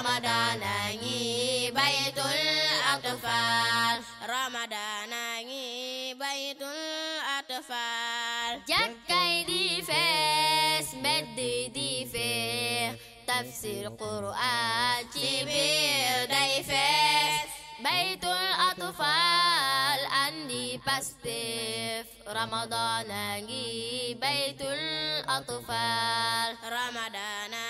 ramadana ngi baytul atfal ramadana ngi baytul atfal jàkkay di fees mbedd di feex tafsir qur'an ci biir day fees baytul atfal andi pastif ramadana ngi baytul atfal ramadana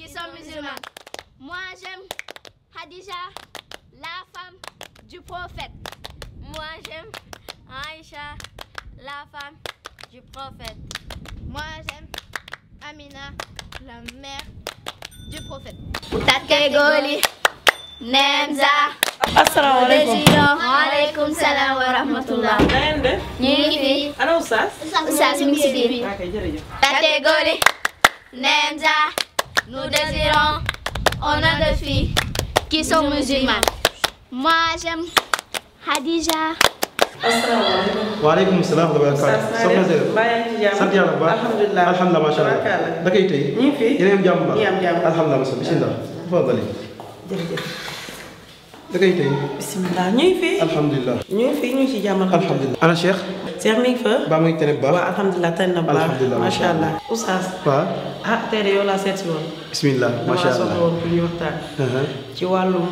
qui sont musulmans. Moi, j'aime Khadija, la femme du prophète. Moi, j'aime Aïcha, la femme du prophète. Moi, j'aime Amina, la mère du prophète. Tatkay Goli, Nemza. asalaamaaleykum waaleykum salaam wa rahmatullah. na ngeen def. ñu ngi fi. ana Oustaz. Oustaz mi ngi si biir. ok jërëjëf. Tatkay Goli, Nemza. Nous désirons au nom de filles qui sont musulmanes. Moi, j'aime Hadija. asalaamaaleykum. waaleykum salaam wa rahmatulah. sant yàlla bu baax. alhamdulilah alhamdulilah macha allah. da koy tey. ñu ngi fi yéen a ngi jàmm bu baax. ñu ngi am jàmm bisimilah. jërëjëf. da koy tey. bisimilah ñu ngi fi. alhamdulilah. ñu ngi fi ñu ngi si jàmm. alhamdulilah ana Cheikh. seex mi ngi fa. ba muy tane bu baax waaw alhamdulilah tane macha allah. oustaz. waaw ah tey de yow laa seet si woon. bisimilah macha allah damaa soxla woon pour uh-huh. ci wàllum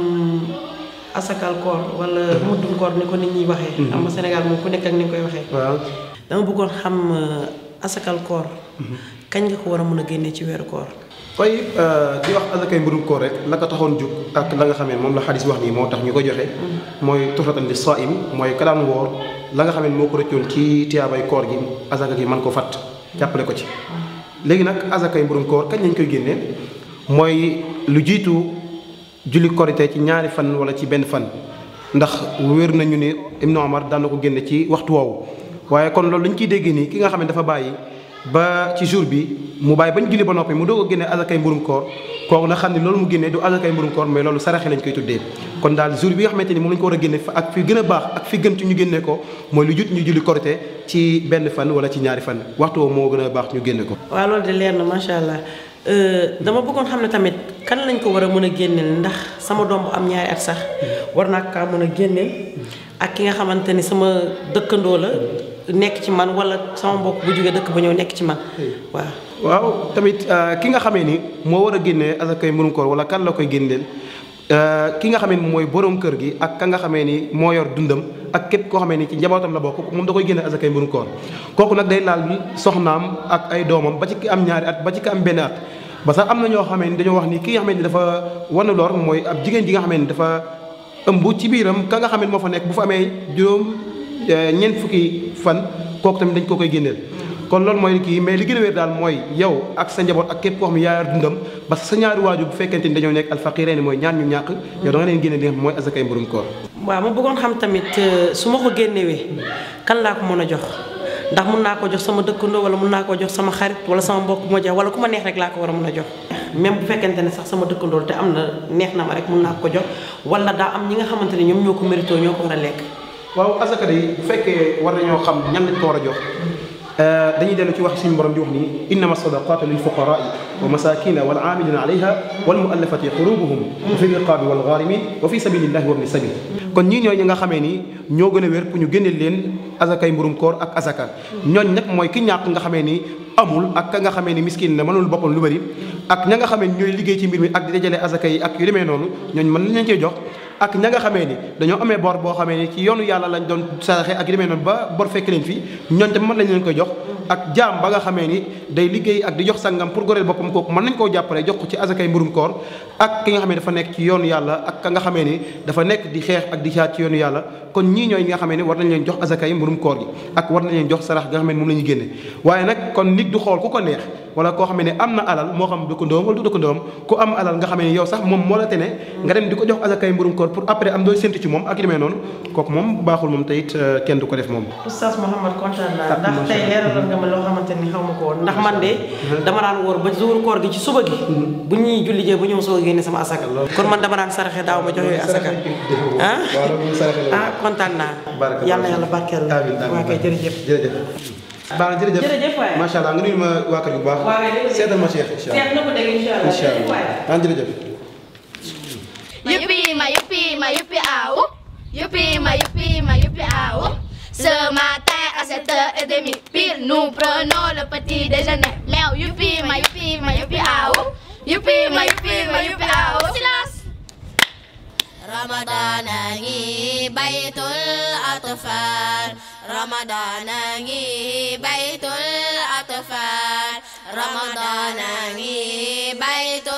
asakal koor wala uh-huh. muddum koor ni ko ni ñi waxee. Uh-huh. am na Sénégal moom ku nekk ak ni nga koy waxee. waaw dama bëggoon xam uh, asakal koor. kañ nga ko war a mun a génnee ci weeru koor. waaye uh, di wax asakay mbirum koor rek la ko taxoon jug ak la nga xamee moom la xadis wax nii moo tax ñu ko joxe. mooy tuxratan li saim mooy kalaan woor. la nga xam ne moo ko rëccoon ci tiyaabay koor gi azaka gi mën koo fàtt jàppale ko ci léegi nag yi mburum koor kañ lañ koy génnee mooy lu jiitu julli korite ci ñaari fan wala ci benn fan ndax wér nañu ni Ibnu Omar daan na ko génne ci waxtu woowu waaye kon loolu lañ ciy dégg nii ki nga xam ne dafa bàyyi ba ci jour bi mu bàyyi bañ julli ba noppi mu doog a génne azakay mburum koor kooku na xam ne loolu mu génne du azakay mburum koor mais loolu saraxe lañ koy tuddee kon daal jour bi nga xamante ni moom lañ ko war a génne ak fi gën a baax ak fi gën ci ñu génne ko mooy lu jut ñu julli korité ci benn fan wala ci ñaari fan waxtu woo moo gën a baax ñu génne ko waaw loolu de leer na macha allah euh, dama bëggoon xam ne tamit kan lañ ko war a mën a génneel ndax sama doom am ñaari at sax hmm. war naa kaa mën a génneel ki nga xamante ni sama dëkkandoo la nekk ci man wala sama mbokk bu jógee dëkk ba ñëw nekk ci man waaw. waaw tamit euh, ki nga xamee ni moo war a génnee asakay mburum koor wala kan la koy génneel euh, ki nga xamee ni mooy borom kër gi ak ka nga xamee ni moo yor dundam ak képp koo xamee ni ci njabootam la bokk moom da koy génne asakay mburum koor kooku nag day laal soxnaam ak ay doomam ba ci ki am ñaari at ba ci ki am benn at. ba sax am na ñoo xamee ni dañoo wax ni ki nga xamee ni dafa wan lor mooy ab jigéen ji nga xamee ni dafa ëmb ci biiram ka nga xamee ni moo fa nekk bu fa amee juróom. Eh, ñeent fukki fan kooku tamit dañ koo koy génneel kon loolu mooy kii mais li gën a wér daal mooy yow ak sa njaboot ak képp koo xam ne yaayar dundam parce que sa ñaari waajur bu fekkente ni dañoo nekk alfaqirayni mooy ñaar ñu ñàkk yow da nga leen génne li mooy asakay mburum koor waaw ma bëggoon xam tamit euh, su ma ko génnewee kan laa ko mën a jox ndax mun naa ko jox sama dëkkandoo wala mun naa ko jox sama xarit wala sama mbokk bu ma jox wala ku ma neex rek laa ko war a mën a jox même bu fekkente ne sax sama dëkkandoo te am na neex na ma rek mun naa ko jox wala daa am ñi nga xamante ne ñoom ñoo ko mérito ñoo ko lekk waaw asaka day bu fekkee war nañoo xam ñan lañ ko war a jox euh, dañuy dellu ci wax suñu borom di wax ni innama sadaqatu lil fuqaraa wa masakina wal amilina alayha wal muallafati qulubuhum wa fi riqabi wal gharimin wa fi sabilillahi wa ibni sabil kon ñii ñooy ñi nga xamee ni ñoo gën a wér pour ñu génneel leen asakay mburum koor ak asaka ñooñ nag mooy ki ñàkk nga xamee ni amul ak ka nga xamee ni miskin la mënul boppam lu bari ak ña nga xamee ni ñooy liggéey ci mbir mi ak di dajale asaka yi ak yu demee noonu ñooñ mën nañ cee jox ak ña nga xamee ni dañoo amee bor boo xamee ni ci yoonu yàlla lañ doon saraxe ak demee noonu ba bor fekk leen fii ñooñ tamit mën lañ leen koy jox ak jaam ba nga xamee ni day liggéey ak di jox sangam pour goreel boppam kooku mën nañ koo jàppale jox ko ci asakay mburum koor ak ki nga xamee dafa nekk ci yoonu yàlla ak nga xamee ni dafa nekk di xeex ak di xaar ci yoon yàlla kon ñii ñooy nga xamee ni war nañ leen jox asakay mburum koor gi ak war nañ leen jox sarax nga xamee ni moom la ñuy génne waaye kon nit du xool ku ko neex wala koo xam ne am na alal moo xam dëkkandoom wala du dëkkandoom ku am alal nga xam ne yow sax moom moo la tene nga dem di ko jox asakaay mburum koor pour après am dooy séntu ci moom ak demee noonu moom baaxul moom teyit euh, kenn du ko def moom oustaz Mouhamed kontaan naa ndax ma ko woon ndax man de mm-hmm. dama daan wóor ba zuur koor gi ci suba gi mm-hmm. bu ñuy julli jee bu ñëw soo génne sama asaka kon man dama daan saraxe daaw ma joxe asaka ah ah kontaan naa yàlla yàlla barkeel la waa kay jërëjëf baax na jërëjëf jërëjëf nga nuyu ma waa kër bu baax. waaw jërëjëf seetal ma Cheikh incha allah ma yuppi ma yuppi aaw yuppi ma yuppi ma yuppi aaw ce matin à sept heures et demie meew yuppi ma yuppi ma yuppi aaw yuppi ma yuppi ma yuppi aaw silence. Ramadan a baytul atfal ramadana ngi baytul atfal ramadana ngi baytul